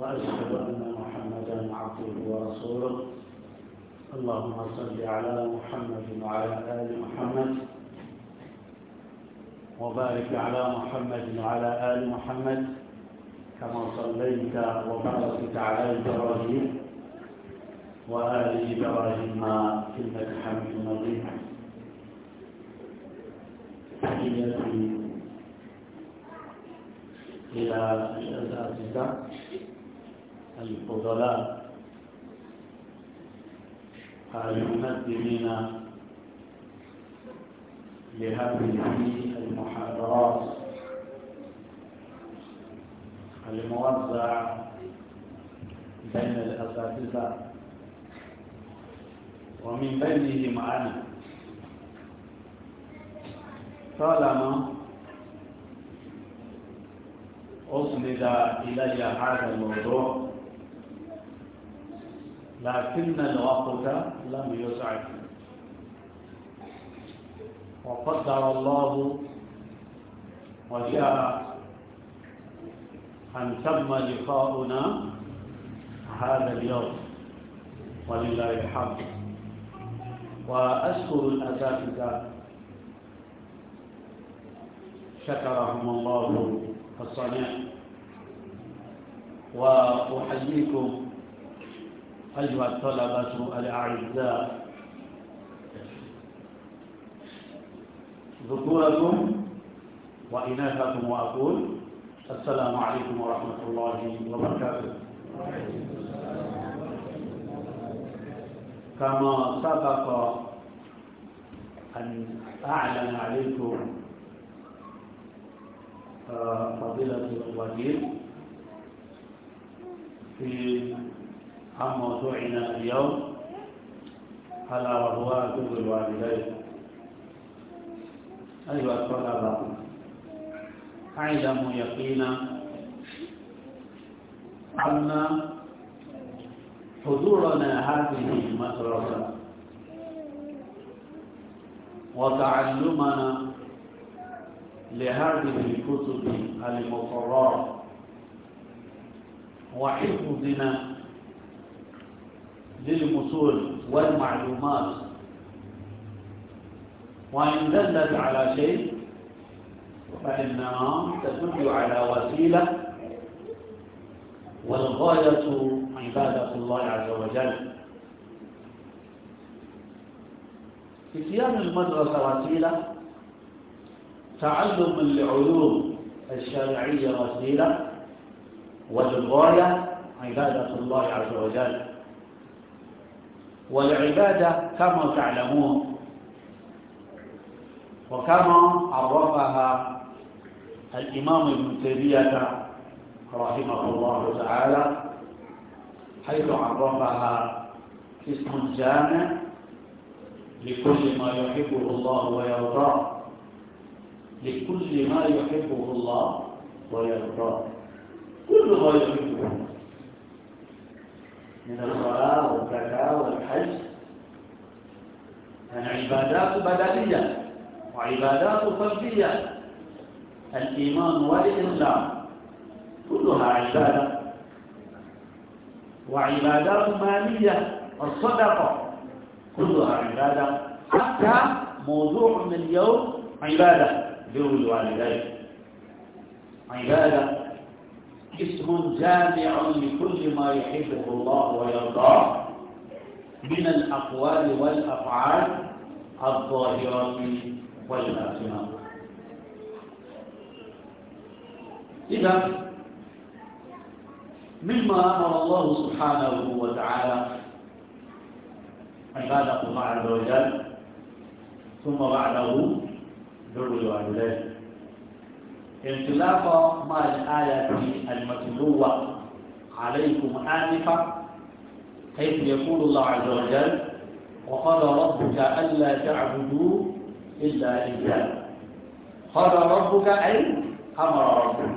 وأشهد أن محمدا عبده ورسوله اللهم صل على محمد وعلى آل محمد وبارك على محمد وعلى آل محمد كما صليت وباركت على إبراهيم وآل إبراهيم إنك حميد مجيد تحياتي إلى الأساتذة الفضلاء المنظمين لهذه المحاضرات الموزع بين الأساتذة ومن بينهم أنا طالما أسند إلي هذا الموضوع لكن الوقت لم يسعد وقدر الله وشاء أن تم لقاؤنا هذا اليوم ولله الحمد وأشكر الأساتذة شكرهم الله الصنيع وأحييكم أيها الطلبة الأعزاء ذكوركم وإناثكم وأقول السلام عليكم ورحمة الله وبركاته كما سبق أن أعلن عليكم آه، فضيلة الوزير في عن موضوعنا اليوم على وهو بر الوالدين أيها الطلبة اعلموا يقينا أن حضورنا هذه المدرسة وتعلمنا لهذه الكتب المقررة وحفظنا للمصول والمعلومات وإن دلت على شيء فإنها تدل على وسيلة والغاية عبادة الله عز وجل اتيان المدرسة وسيلة تعلم العلوم الشرعية وسيلة والغاية عبادة الله عز وجل والعبادة كما تعلمون وكما عرفها الإمام ابن تيمية رحمه الله تعالى حيث عرفها اسم جامع لكل ما يحبه الله ويرضاه لكل ما يحبه الله ويرضاه كل ما يحبه من الصلاة والزكاة والحج يعني عبادات بدنية وعبادات فردية الإيمان والإسلام كلها عبادة وعبادات مالية الصدقة كلها عبادة حتى موضوع من اليوم عبادة بر الوالدين عبادة اسم جامع لكل ما يحبه الله ويرضاه من الأقوال والأفعال الظاهرة والباطنة إذا مما أمر الله سبحانه وتعالى عباده الله عز وجل ثم بعده ذو الوالدين انطلاقا مع الآية المتلوة عليكم آنفا حيث يقول الله عز وجل وقال ربك ألا تعبدوا إلا إياه قال ربك أي أمر ربك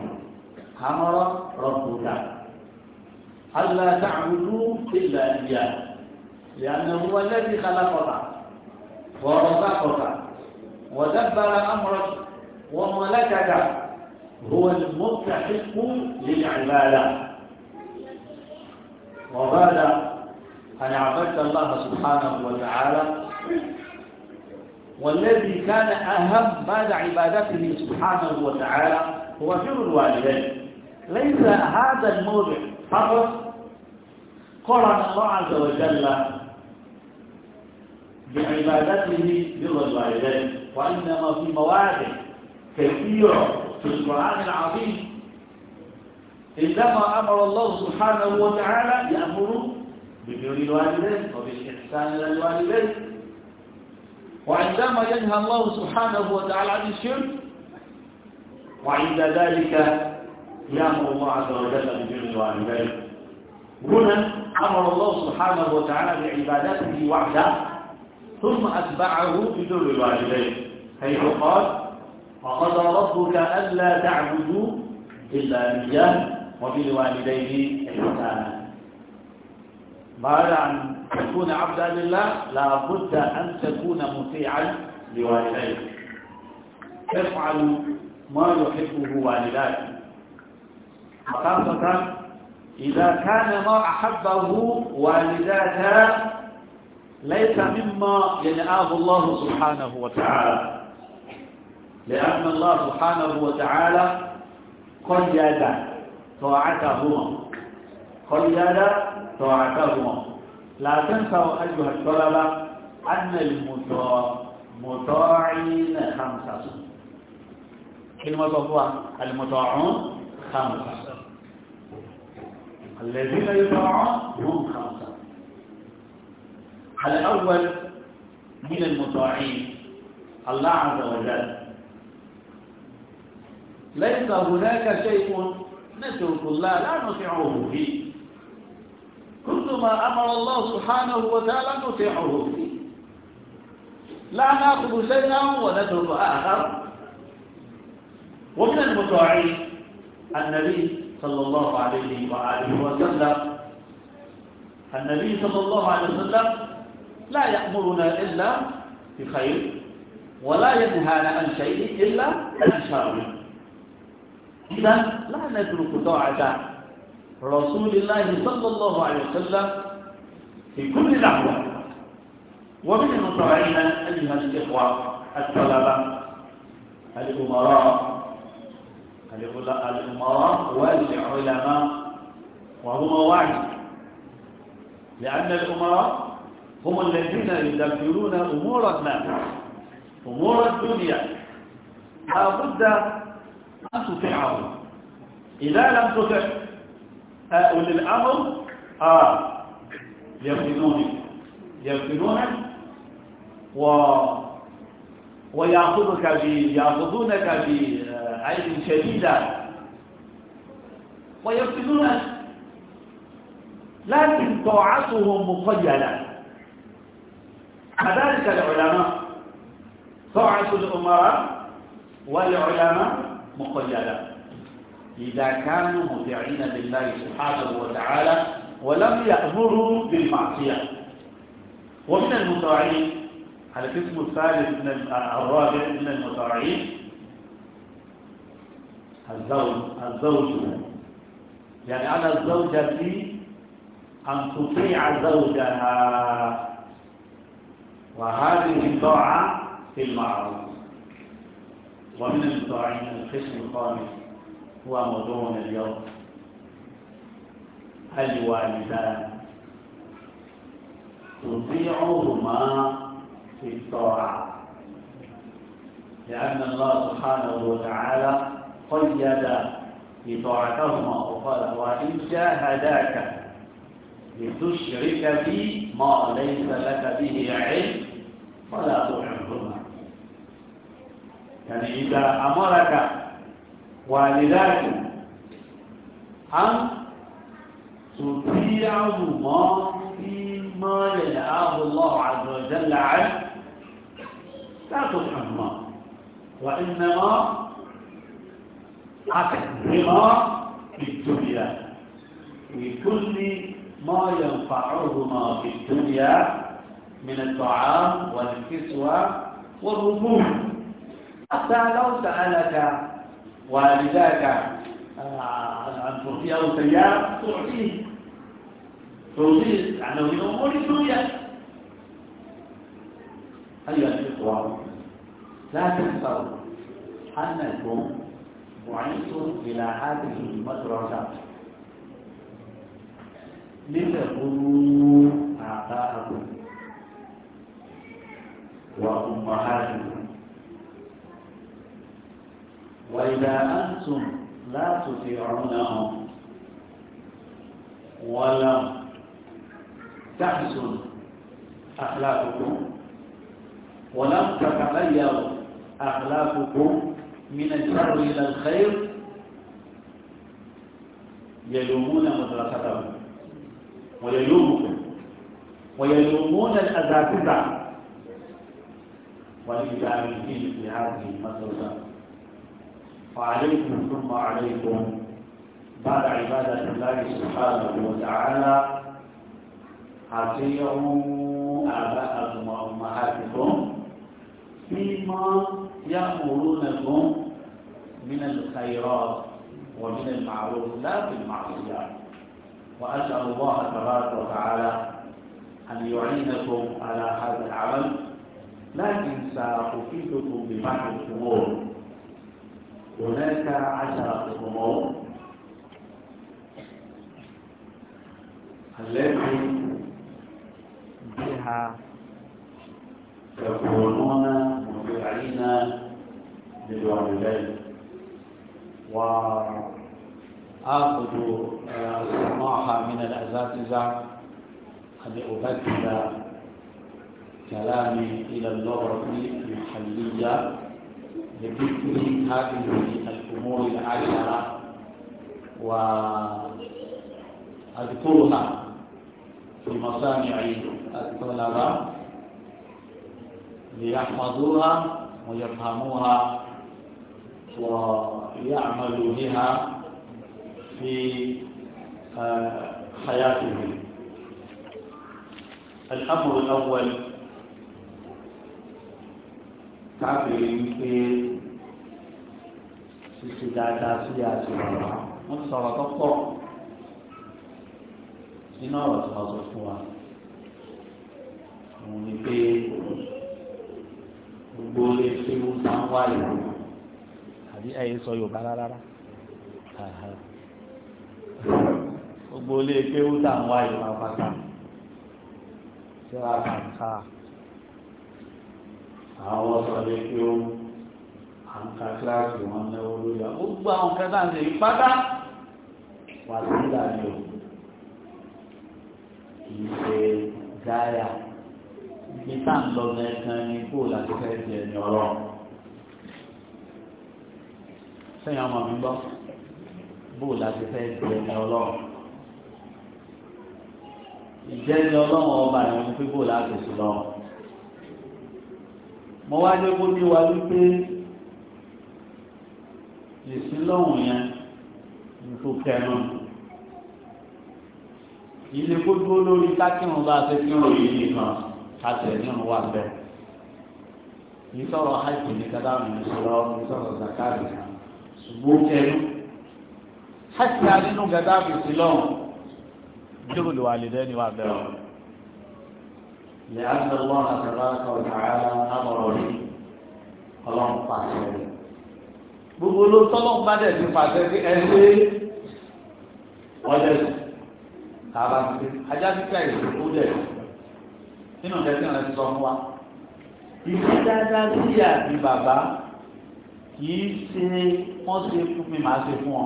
أمر ربك ألا تعبدوا إلا إياه لأنه هو الذي خلقك ورزقك ودبر أمرك وملكك هو المستحق للعبادة وبعد أن عبدت الله سبحانه وتعالى والذي كان أهم بعد عبادته سبحانه وتعالى هو بر الوالدين ليس هذا الموضع فقط قرن الله عز وجل بعبادته بر الوالدين وإنما في مواد كثيرة في القرآن العظيم عندما أمر الله سبحانه وتعالى يأمر ببر الوالدين وبالإحسان إلى الوالدين وعندما ينهى الله سبحانه وتعالى عن الشرك وعند ذلك يأمر الله عز وجل ببر الوالدين هنا أمر الله سبحانه وتعالى بعبادته وحده ثم أتبعه ببر الوالدين حيث قال فقضى ربك ألا تعبدوا إلا إياه وبالوالدين إحسانا بعد أن تكون عبدا لله لابد أن تكون مطيعا لوالديك افعل ما يحبه والداك خاصة إذا كان ما أحبه والداك ليس مما ينآه الله سبحانه وتعالى لأن الله سبحانه وتعالى قيد طاعتهما قيد طاعتهما لا تنسوا أيها الطلبة أن المطاعين خمسة كلمة الله المطاعون خمسة الذين يطاعون هم خمسة الأول من المطاعين الله عز وجل ليس هناك شيء نترك الله لا نطيعه فيه كل ما أمر الله سبحانه وتعالى نطيعه فيه لا نأخذ شيئا ونترك آخر ومن المطاعين النبي صلى الله عليه وآله وسلم النبي صلى الله عليه وسلم لا يأمرنا إلا بخير ولا ينهانا عن شيء إلا عن شر إذا لا نترك طاعة رسول الله صلى الله عليه وسلم في كل لحظة ومن المتابعين أيها الإخوة الطلبة الأمراء الأمراء والعلماء وهما واحد لأن الأمراء هم الذين يدبرون أمور الناس أمور الدنيا لابد أن تطيعه إذا لم تطع أولي الأمر آه يفتنونك يفتنونك و ويأخذك بيأخذونك بعين شديدة ويفتنونك لكن طاعتهم مقيدة كذلك العلماء طاعة الأمراء والعلماء مقيدة إذا كانوا مطيعين لله سبحانه وتعالى ولم يأمروا بالمعصية ومن المطاعين على القسم الثالث من الرابع من المطاعين الزوج الزوج يعني على الزوجة أن تطيع زوجها وهذه الطاعة في المعروف ومن المطاعين القسم الخامس هو موضوعنا اليوم الوالدان تطيعهما في الطاعة لأن الله سبحانه وتعالى قيد بطاعتهما وقال وإن جاهداك لتشرك بي ما ليس لك به علم فلا تطعهما يعني إذا أمرك والداك أن تطيع ما فيما ينهاه الله عز وجل عنه لا تطعمه وإنما أكرما في الدنيا كل ما ينفعهما في الدنيا من الطعام والكسوة والركوب حتى لو سألك والداك آه، عن تركيا أو سيارة تعطيه تعطيه عنه من أمور الدنيا أيها الإخوة لا تنسوا أنكم بعثتم إلى هذه المدرسة لتكونوا آباءكم وأمهاتكم وإذا أنتم لا تطيعونهم ولم تحسن أخلاقكم ولم تتغير أخلاقكم من الشر إلى الخير يلومون مدرستهم ويلومكم ويلومون الأساتذة والإجابة في هذه المدرسة وعليكم ثم عليكم بعد عبادة الله سبحانه وتعالى أطيعوا آباءكم وأمهاتكم فيما يأمرونكم من الخيرات ومن المعروف لا في المعصية وأسأل الله تبارك وتعالى أن يعينكم على هذا العمل لكن سأفيدكم ببعض الأمور هناك عشرة أمور التي بها تكونون مطيعين للوالدين وآخذ السماحة من الأساتذة أن أبدل كلامي إلى اللغة المحلية لذكر هذه الأمور العشرة وأذكرها في مصانع الطلبة ليحفظوها ويفهموها ويعملوا بها في حياتهم الأمر الأول káfíń wípé ṣíṣe dáadáa sí àti ọ̀rọ̀ wọn sọ̀rọ̀ tó pọ̀ nínú ọ̀rọ̀ tó wọ́n sọ fún wa òun ni pé gbogbo ilé tí wọ́n sá ìlú àbí ẹ̀yẹ sọ Yorùbá rárá gbogbo ilé tí wọ́n sá ìlú àpáta ṣé wàá kà àwọn sọ̀rọ̀ kí ó àǹkà kíláàsì wọn náwó lórí ọ gbogbo àwọn kẹta ṣe ìpátá wà sílà ní o kì í ṣe gáyà ibi tá à ń lọ mẹ́kan ní kó láti fẹ́ di ẹni ọ̀rọ̀ sẹ́yìn ọmọ mi gbọ́ bó láti fẹ́ di ẹni ọ̀rọ̀ ìjẹ́ni ọlọ́run ọba ìwọ̀n pípò láti sùn lọ́wọ́ mo wá jẹ́ kó ní wa wípé ìsìnlọ́hùn yẹn tó kẹnu ilé kó dúró lórí kákìrún bá a ṣe kí ròyìn yìí kan àtẹ̀ nínú wa bẹ́ẹ̀ kì í sọ̀rọ̀ hajj ní kátà mi ní sọ̀rọ̀ kì í zakari ṣùgbọ́n kẹnu hajj ta nínú gàdáfi sílọ̀hùn jókòó lè wà lè dẹ́ni wa bẹ́ẹ̀ o. لأن الله تبارك وتعالى أمر به ọlọ́run pàṣẹ rẹ̀ gbogbo ló tọ́lọ́run bá dẹ̀ ti pàṣẹ sí ẹgbẹ́ ọjọ́ ìlú kàbá ti ajá kíkà ìlú ó dẹ̀ nínú ìdẹ́sí ọ̀rẹ́ ti sọ fún wa ìlú dáadáa sí àbí bàbá kìí ṣe wọ́n ṣe fún mi màá ṣe fún ọ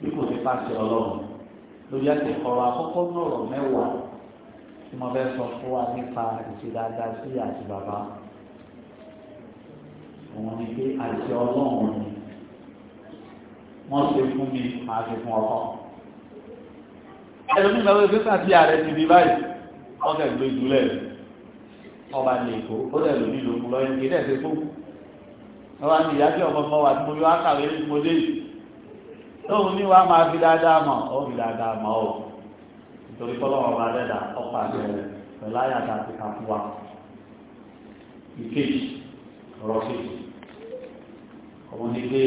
bí kò sí pàṣẹ ọlọ́run lórí àti ọ̀rọ̀ àkọ́kọ́ náà ọ̀rọ̀ mẹ́wàá tí mo fẹ́ sọ fún wa nípa ìṣèdáadáa sí àti bàbá òun ni pé àti ọlọ́run ni wọ́n ṣe fún mi máa ṣe fún ọkọ. ẹlòmíì lọ́wọ́ pé sàtì ààrẹ ti di báyìí wọ́n kẹ́ gbé jùlẹ̀ ọba lè kó ó dẹ̀ lómi lòkù lọ́yìn kí dẹ̀ ṣe fún ọba ní ìyá tí ọmọ ọmọ wa tí mo yọ ákàwé ní mo dé yìí tóun ní wa máa fi dáadáa mọ̀ ó fi dáadáa mọ̀ ọ́ nítorí kọ́lọ́wọ́ bá dẹ́dà ọ̀pá àgbẹ̀rẹ̀ pẹ̀lú àyàtà àti kàfúwa ìkejì ọ̀rọ̀ kejì ọ̀hún ni pé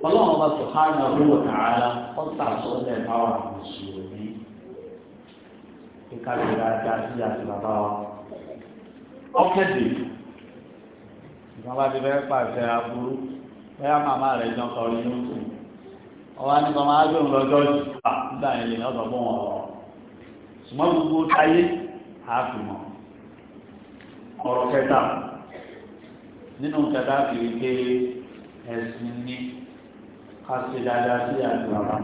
kọ́lọ́wọ́ bá sọ hánà olówó tààrà ọ̀tà sọ́lẹ̀ báwà mùsùlùmí kíkàlẹ̀ dáadáa sí àti bàbá wa ọ̀kẹ́dì ìjọba ti fẹ́ pàṣẹ aburú bẹ́ẹ̀ màmá rẹ̀ jọ kọrin ní oṣù ọwọ́ ní ọmọ agbóhùn lọ́jọ́ ìgbà nígbà yẹn lè lọ́dọ̀ bọ́ wọn ọ̀rọ̀ ṣùgbọ́n gbogbo táyé àfihàn ọ̀rọ̀ kẹta nínú kẹta fi ké ẹ̀sìn ní ká ṣe dáadáa sí àdúrà wa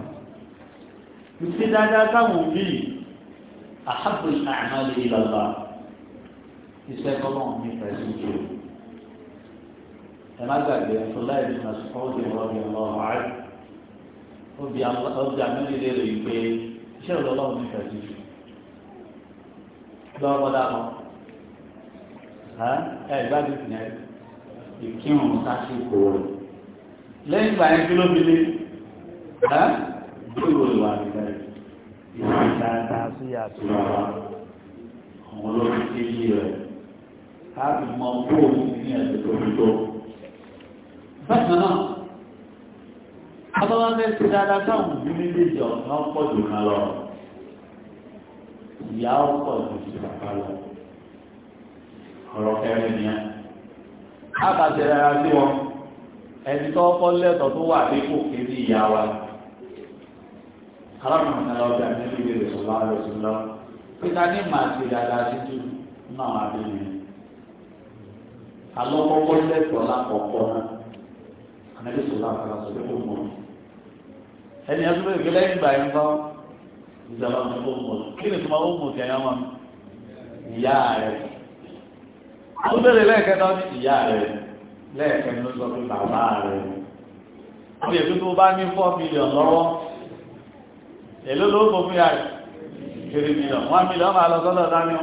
ṣe dáadáa táwọn òbí àhábò àmàlè ìlàlá iṣẹ́ kọ́lọ́ ní pẹ̀lú ìjọ ẹ̀ má gbàgbé ọ̀ṣọ́lá ìdúnà sọ́ọ́dẹ̀ ọ̀rọ̀ ìrànlọ́wọ́ àìsàn obì ọjà nílé rẹ̀ yìí pé iṣẹ́ ìrọ̀lọ́wọ́ mi fẹ̀ sí i lọ́wọ́ kọ́dá lọ ẹ gbádùn ìpìlẹ̀ ìkírun sásìkò rẹ̀ lẹ́yìn ìgbà yẹn kí ló fi lé gbèrò ìwà nígbà ìwà dáadáa sí àtúnwá àwọn olórí kéjì rẹ̀ láti mọ bóòlù ní ẹ̀sẹ̀ tó fi tó bákan náà àbáwá mẹ́sì dáadáa táwọn òbí méjèèjì ọ̀nà ọ̀pọ̀ jù kan lọ ìyá ọ̀pọ̀ jù sí bàbá lọ ọ̀rọ̀ kẹrin ni a bá ti rárá sí wọn ẹni tó ọkọ̀ lẹ́tọ̀ tó wà nípò kejì ìyá wa arákùnrin náà ọjà níbi ìbéèrè sọlá rẹ sọlá peter ní màá ti dáadáa sí jù náà abẹ́yẹ alọ́kọ́kọ́ lẹ́tọ̀ lákọ̀ọ́kọ́ náà àmẹ́lẹ́sọ̀lá àkàrà sọ̀rọ̀ ẹ̀kọ́ mọ́ni ẹni ẹtú bẹ́ẹ̀ gbé lẹ́yìn ìgbà yẹn kọ́ ìjọba ọmọ tó mọ̀ kí ni tuma ó mọ̀ kí ẹ̀yàn mọ̀ ìyá rẹ̀ ó bẹ̀rẹ̀ lẹ́ẹ̀kẹta ní ìyá rẹ̀ lẹ́ẹ̀kẹta ló sọ pé bàbá rẹ̀ ó yẹ kí tó bá ní four million lọ́wọ́ èló ló mọ̀ fún ìyá rẹ̀ kiri million one million máa lọ sọ́dọ̀ dání o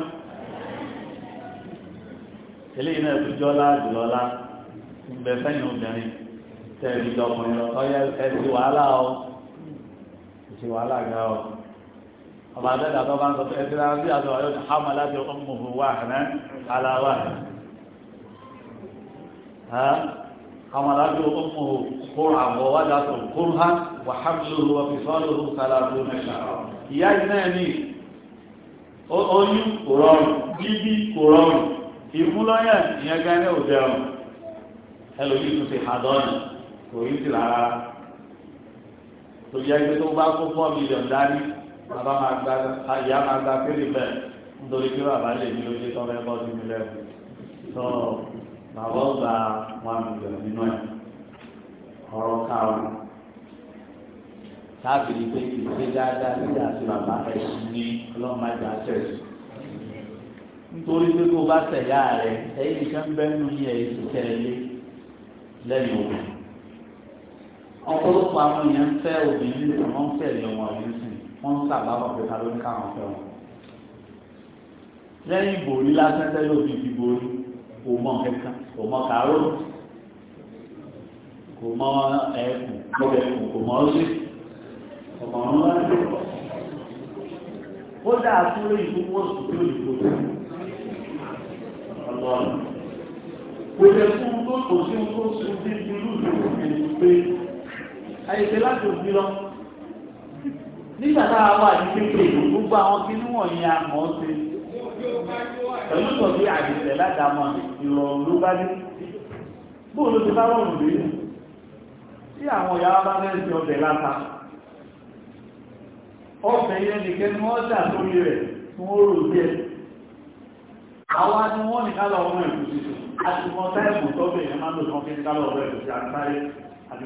eléyìí náà tó jọ́ láàjù lọ́la ń bẹ sẹ́yìn obìnrin tẹ̀lé ìjọkùnrin lọ ọyẹ ẹsẹ̀ wàhálà o ti wàhálà gan ọ ọba àdẹ́dà tó bá ń sọ pé ẹgbẹ́ rárá sí àdó ayọ́ hàmà láti ọmọ òhun wà hàn aláwà hàmà láti ọmọ òhun kóra àwọ̀ wá dàtọ̀ kóra hàn wà hàmìlòrò wà fìfọ́lòrò sàlàtò mẹ́ta ìyá ìnáà ní oyún kò rọrùn bíbí kò rọrùn ìmúlọ́yà ìyẹn gan ní òjẹun ẹlòmí tún ti hàdọ́nà kò yí sí rárá tó jẹ́ pé tó bá kó four million dání bàbá máa gba ìyá máa gba kéré bẹ́ẹ̀ nítorí pé bàbá lè ní ojú tó fẹ́ bọ́ sí mi lẹ́nu tó bàbá ó gba one million nínú ẹ̀ ọ̀rọ̀ káwọn káàkiri pé ìṣe dáadáa nígbà tí bàbá ẹ̀ ní ọlọ́mọdé àṣẹ̀ṣe nítorí pé kó bá tẹ̀yà rẹ̀ ẹ̀yìn kan bẹ́ẹ̀ nù yẹ ìṣiṣẹ́ ilé lẹ́yìn òkú ọ̀pọ̀lọpọ̀ àwọn èèyàn ń fẹ́ obìnrin nìkan wọ́n ń fẹ́ ẹ̀yọ̀ wọn yìí sìn wọ́n ń sábà wọ̀ pé ta ló ní káwọn fẹ́ wọn. lẹ́yìn ìbòrí lásán tẹ́lẹ̀ òbí ti borí kò mọ kẹta kò mọ kàárọ̀ kò mọ ẹ̀kùn kò ẹ̀kùn kò mọ ọ́sẹ̀ kò mọ ọ̀run lọ́dún. ó dáa fún lóyún fún wọ́ọ̀sì tó lè kó ọlọ́run kò lè fún tó kò sí ohun tó sùn bí irú ìlú àyèsè láti òbí lọ nígbà tá a wà ní kékeré gbogbo àwọn kí ni wọ̀nyí a mọ̀ ọ́ sí pẹ̀lú sọ̀bí àyèsè ládàámọ̀ ìrọ̀rùn ló bá dé bóun ló ti bá rọrùn lé tí àwọn ìyá wa bá fẹ́ ṣe ọbẹ̀ láta ọbẹ̀ yẹn nìkan ni wọ́n dà sórí rẹ̀ tí wọ́n rò díẹ̀ àwa ni wọ́n ní kálọ̀ ọmọ ẹ̀kú sí àti mọ́ táìmù tọ́bẹ̀ yẹn má lò sọ́kẹ́ kálọ̀ ọmọ ẹ̀kú sí àtàrí àti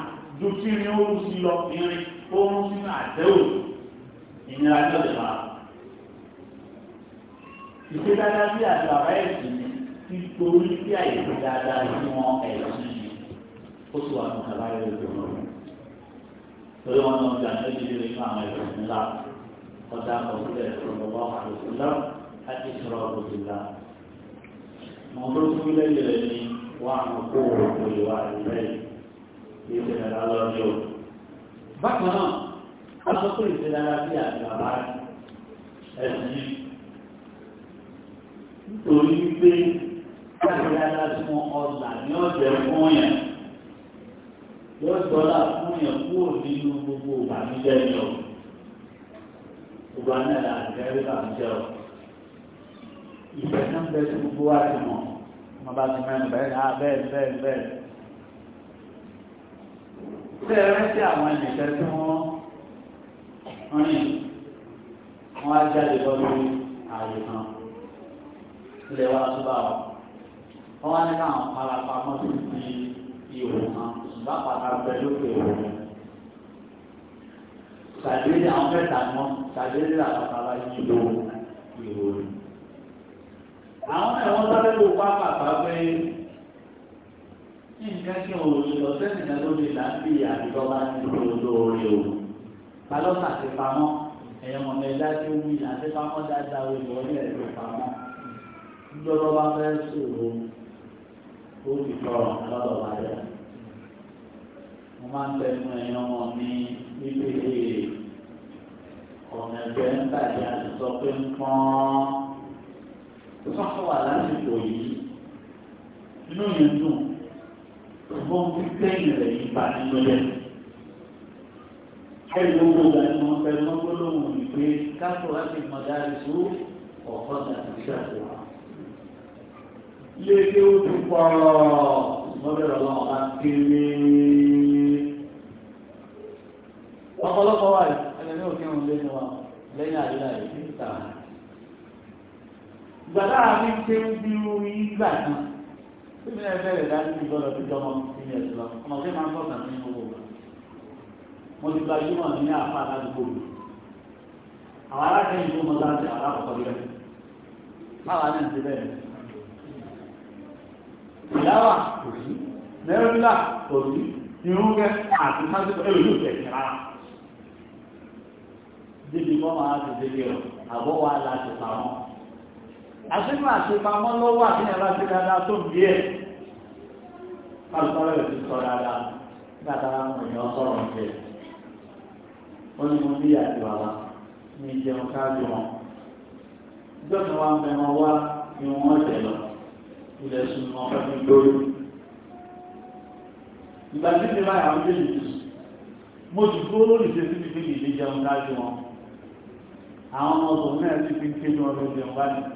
ju kí ni ó ń sí lọ irin ó ń sínú àdéhùn ìnira lọ́dẹ̀ máa. ìṣe dáadáa bí àti bàbá ẹ̀sìn ti torí bí àìsí dáadáa sí wọn ẹ̀sìn yìí ó sì wà nínú àbáyọ ìjọba náà. torí wọn náà gbà ní ìdílé fún àwọn ẹ̀sìn ńlá ọ̀dà ọ̀sílẹ̀ ìṣòro àlùfùlá àti ìṣòro àlùfùlá. mọ̀ọ́dún fún ilé ìrẹ̀ ni wọ́n á kó òkú kì í ṣe dada lọ́jọ́ bákan náà asọ́kùn ìṣe dada sí àti bàbá ẹ̀sìn nítorí wípé káàkiri dada sí wọn ọ̀là ní ọ̀jẹ̀ fún o gbogbo àná o ìfẹ́ náà bẹ́ẹ̀ tó gbogbo wa ti mọ̀ ọmọ bá ti mẹ́rin bẹ́ẹ̀ bẹ́ẹ̀ bẹ́ẹ̀ bẹ́ẹ̀ ṣé ẹ rántí àwọn ẹnìkan tí wọ́n rìn wọ́n á jáde lọ́dún ààyè kan ilẹ̀ wa tó bá wà wọ́n wá ní káwọn parapamọ́ sí ti ihò kan ṣùgbọ́n pàtà bẹ lókè òun ṣàdédé àwọn mẹ́ta mọ́ ṣàdédé àpàtà bá yí lo ihò rẹ̀ àwọn ẹ̀wọ̀n sáré ló pápá pàpẹ́ nǹkan kí o lè lọ sẹ́yìn náà lórí láti àdìgbọ́ bá ti lórí o balọ́sà ti pamọ́ ẹ̀yàn mọ̀mọ́ ẹ̀dá tí ó wí àti pamọ́ dáadáa o ìwọ ní ẹ̀dọ́ pamọ́ ńjọba bá fẹ́ sòro ó ti tọrọ lọ́dọ̀ wá mo máa ń tẹnu ẹ̀yàn mọ̀ ní wípé ọ̀nà ẹgbẹ́ ń bàjẹ́ àti pé ń pọ́n tó sọ́kọ̀ wà lásìkò yìí inú yẹn dùn ṣùgbọ́n tí sẹ́yìn rẹ̀ yìí bá nínú yẹ. ẹ̀rí owó ìgbà ni wọ́n fẹ́ wọ́n gbólóhùn ní pé káfọ́ láti mọ dárí sú ọ̀pọ̀ tàbí ṣàkóso. ilé tí ó ti pọ̀ wọ́n bẹ̀rẹ̀ lọ́wọ́ bá ọ̀pọ̀lọpọ̀ wà ẹlẹ́ni òfin òun lé ní wa lẹ́yìn àríyá yìí ìgbà táwọn fi ń bí irú yìí gbà kan. Bíbí náà bẹ̀rẹ̀ dájú bí gbọ́dọ̀ fi jọmọ ìyẹn ẹ̀sùn lọ. Ọmọ sí máa ń sọ̀tà sí owó. Mo ti gba Júmọ̀ ní àfa àdúgbò mi. Àwọn alákẹ́yìn tó mọ láti àwọn àkọ́kọ́ bí rẹ̀. Báwa ní ìdí bẹ́ẹ̀. Ìyáwà kò sí. Mẹ́rìnlá kò sí. Irúgbẹ́ àti sásìkò èrò yóò tẹ̀sí rárá. Débi kọ́ máa ti dé kí ọ, àbọ̀ wa láti pa àṣínú àṣepamọ́ ló wà ní ẹ̀rọ àti dáadáa tó ń bí ẹ̀ alùpàá rẹ̀ ti sọ dáadáa dáadáa mọ̀ ní ọ̀sọ̀rọ̀ ọ̀jẹ̀ ó ní mo bí àti wàwá ní ìjẹun káàdì wọn gbọ́dọ̀ wa mẹ́mọ́ wá ní wọ́n jẹ lọ ilẹ̀ sùn wọn fẹ́ fi lórí ìgbà tí mi máa yàwó dé ìlú mo ti dúró lórí ìṣesí mi fi ìdíjẹun káàdì wọn àwọn ọmọ ọkùnrin náà ti fi ń ké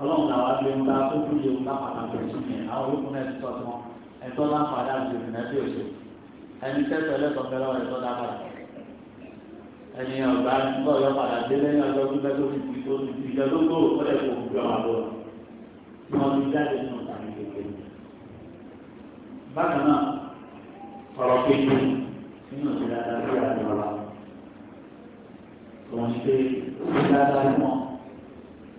ọlọ́run làwọn abẹ́ ń bá tó kúrò yẹn ká pàtàkì ẹ̀sùn yẹn àwọn olókùn náà ti tọ́jú wọn ẹ̀tọ́ láǹfààní àti ìrìnà bí òṣè ẹni tẹ́tọ̀ ẹlẹ́tọ̀ fẹ́rẹ́ wọn ẹ̀tọ́ dábàá ẹni ọ̀gá ńlọ yọ padà dé lẹ́yìn ọjọ́ tó fẹ́ tó fi fi tó fi fi jẹ lóko ó lè kó gbé ọmọ àbọ̀ tí wọ́n fi jáde nínú tàbí kékeré. bákan náà ọ̀rọ̀ kékeré nínú ìdájọ́ sí àdúrà òun ṣe ìdájọ́ fún ọ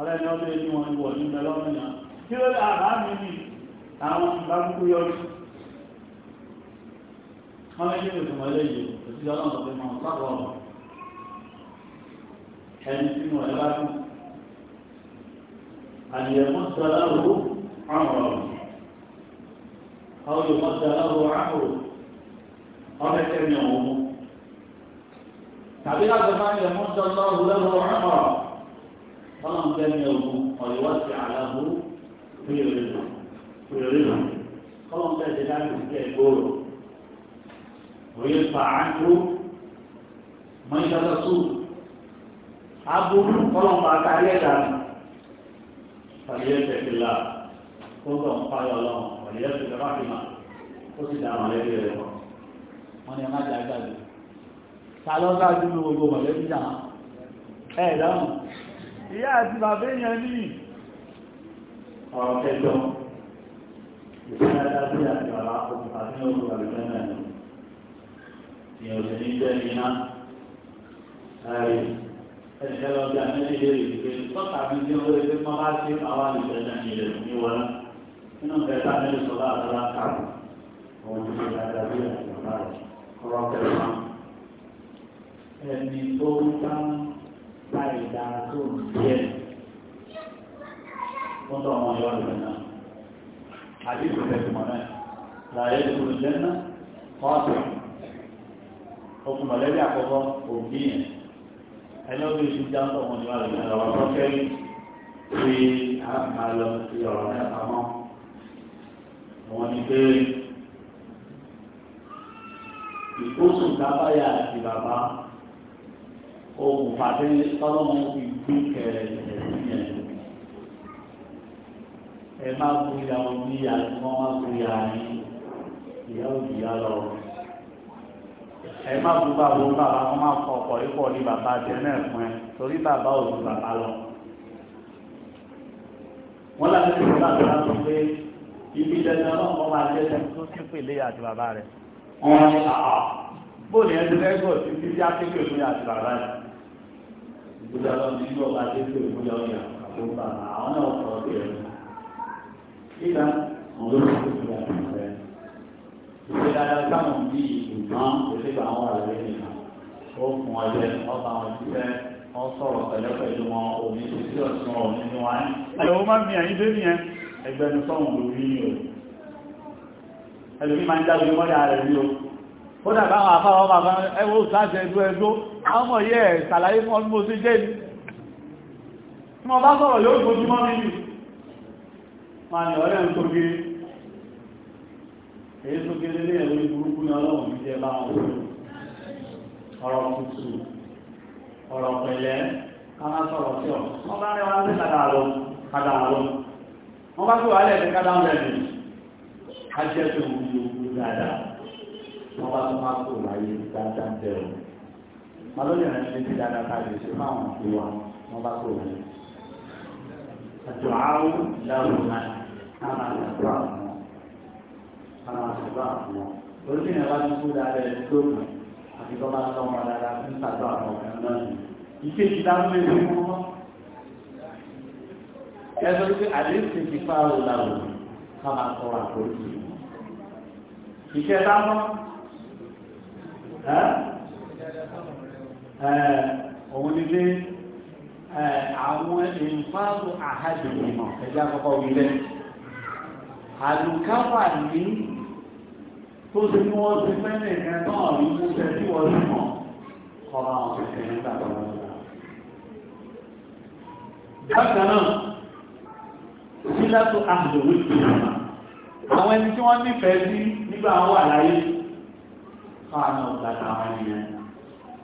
ọ̀rẹ́ ni ọdún èyí wọn wọ̀ ní ìbẹ̀lọ́mìnà kí ló dà bá mi ní àwọn ìbámukú yọrí wọ́n lé ní ìtumọ̀ eléyìí òsì ọlọ́run ọ̀gbẹ́ máa ń sábọ̀ ọ̀rọ̀ ẹni tí mo ẹ̀ bá dùn àyè mọ́tàlá òwò àmọ̀ ọ̀rọ̀ mọ́tàlá òwò àmọ̀ ọ̀rẹ́ kẹ́mi ọ̀hún tàbí láti máa ń yẹ mọ́tàlá òwò lẹ́wọ̀ àmọ̀ ọ̀rọ̀ ọlọ́run fẹ́ ní ogun ọ̀yọ́wọ́ ti àlàbò fúyọ̀rìnà ọlọ́run fẹ́ ti dáàbò sí ẹgbòrò òye fàájú mọ́ṣáláṣú aburú ọlọ́run bá kárí ẹ̀dá fàlíyẹ́ tẹ̀kílà tó gbọ̀ ń fáyọ̀ ọlọ́run fàlíyẹ́ tẹ̀kílà fàkìmà ó sì dá mọ̀lẹ́bí rẹ̀ wọ̀ wọ́n ní ẹ má jà gbàgbé gbogbo mọ̀lẹ́bí náà ẹ̀ dáhùn ìyá àti bàbá èèyàn ní ọ̀rọ̀ kẹjọ ìṣẹ́lẹ́dá sí àti bàbá òkúta ní oṣù àlùfẹ́ náà ni òṣè ní jẹ́ iná láàyè ẹ̀ṣẹ́ lọ bí àmẹ́lì lè rí pé tọ́ta mi ní orí pé wọ́n bá ṣe àwọn àlùfẹ́ náà ní nípa ìdára tó ń jẹ́ fún tọ́ ọmọ ìwà ìwà náà àdínkù tẹ̀sí mọ̀ náà láyé tó ń jẹ́ náà kọ́ọ̀tù okùn mọ̀lẹ́bí àkọ́kọ́ òbí yẹn ẹni ó bí iṣu já ń tọ́ ọmọ ìwà ìwà ìwà tó kẹ́rí tí a sí ọ̀rọ̀ náà pamọ́ àwọn ni pé ìkóṣùn tábáyà àti bàbá okùnfà tí ọlọ́mọ fi gbé kẹrẹ ìṣẹ̀lẹ̀ yẹn. ẹ má gbóyà omi àti wọn má gbóyà yín ìyá òjìyá lọ. ẹ má gbó bàbá wọn bàbá wọn má kọ ọkọ ikọ̀ ní bàbá jẹ náà fún ẹ torí bàbá ò ju bàbá lọ. wọ́n láti fi bàbá bá sọ pé ibi dandan náà wọ́n máa jẹ́ sẹ́yìn tó ti pèlè àti bàbá rẹ̀. wọ́n ní àà bóòlù yẹn ti fẹ́ gbọ́ sí títí akéwì òfin àti bàbá rẹ̀ ìgbésẹ̀ ọlọ́run ní ìlú ọba tó tó ìgbésẹ̀ ọyà tó àwọn náà kọ̀ ọ́ bẹ̀rẹ̀ nígbà wọn ló ti tó ìgbà rẹ̀ ìgbésẹ̀ sáwọn bí ìgbọ̀n òṣèlú àwọn àlẹ́ nìkan ó fún ọjọ́ ọba wọn ti wọ́n sọ̀rọ̀ pẹ̀lú wọn òní tó sí ọ̀sán òní ní wáyé. ẹ̀wọ́n máa ń fi àyídé nìyẹn ẹgbẹ́ni sọ́hùn lórí ní o ẹlòmí máa ń dábìí mọ́dà rẹ̀ àwọn ọmọ yẹ́ ẹ̀ sàlàyé fún ọdún mo sí jẹ́ ní tí wọ́n bá sọ̀rọ̀ yóò gbójúmọ́ nínú máa ní ọ̀rẹ́ ń tóge èyí tóge lélé ẹ̀rọ ìburúkú ní ọlọ́run ní jẹ́ bá wọn ọ̀rọ̀ tutù ọ̀rọ̀ pẹ̀lẹ́ káná sọ̀rọ̀ sí ọ̀ wọ́n bá rẹwà ní kàdàrọ̀ kàdàrọ̀ wọ́n bá tó wà lẹ́ẹ̀dẹ́ kàdàrọ̀ ẹ̀dẹ́ ajẹ́ láyé dáadáa bẹ̀rù wọn ló lè rìn ṣe ti dáadáa ká lè ṣe fáwọn òkú wa wọn bá kó wọn. àjọ àrùn dáhùn náà ká máa ṣàdúrà fún wọn ká máa ṣàdúrà fún wọn. lórí ìrìn àbájú kú dáadáa ẹni tó kù àti tó bá tọ́ wọn dáadáa fún ṣàdúrà fún ọ̀kan náà ni. ìṣe ìdáhùn lè fún wọn. ẹ̀sọ́ pé àdéhùn ti fa àrùn làwọn ká máa tọrọ àforíjì. ìṣẹ̀dá mọ́ òun ni pé àwọn ìfáàlù àhádùn ìmọ̀ ẹ̀jẹ̀ àkọ́kọ́ wílẹ̀ àlùkáwà ní tó ti ní wọ́n ti fẹ́ nìkan náà rí múṣẹ́ tí wọ́n ti mọ̀ kọ́ra àwọn kẹ̀kẹ́ nígbà tó wọ́n ti bákan náà sílátò àdòwò ìgbìmọ̀ àwọn ẹni tí wọ́n nífẹ̀ẹ́ sí nígbà wọn wà láyé fáwọn ọ̀gá àwọn ènìyàn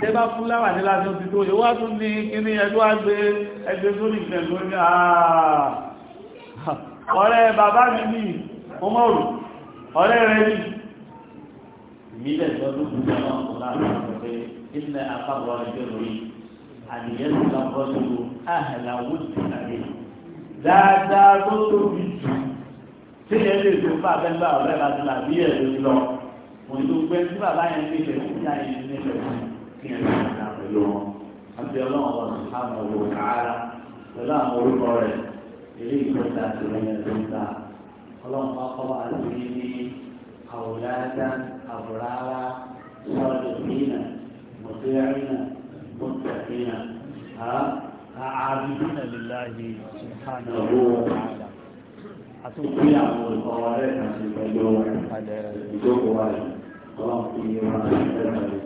ṣé bá fúláwà ní láti ti tó ìwá tún ní kíní ẹjọ́ àgbé ẹgbẹ́ sórí ìṣẹ̀lú ní ọ̀rẹ́ bàbá mi ní ọmọrù ọ̀rẹ́ rẹ̀ ní ìmílẹ̀ lọ́dún dáadáa tó tóbi jù tí ẹ lè tó fà bẹ́ẹ̀ bá ọ̀rẹ́ bá ti làbí ẹ̀ lórí lọ mo ìlú pé tí bàbá yẹn ní ilẹ̀ ìyá yẹn ní ilẹ̀ ìyá kí ẹ máa dà pẹ̀lú wọn àti ọlọ́run wọn sì ká wọn wò káàrà pẹ̀lú àwọn orúkọ rẹ̀ ilé ìgbésà tó lẹ́yìn tó ń ta ọlọ́run wọn kọ́ wa sí ní àwòrán àwòrán ìjókòó wa yìí ọlọ́run fi yé wa ṣẹlẹ̀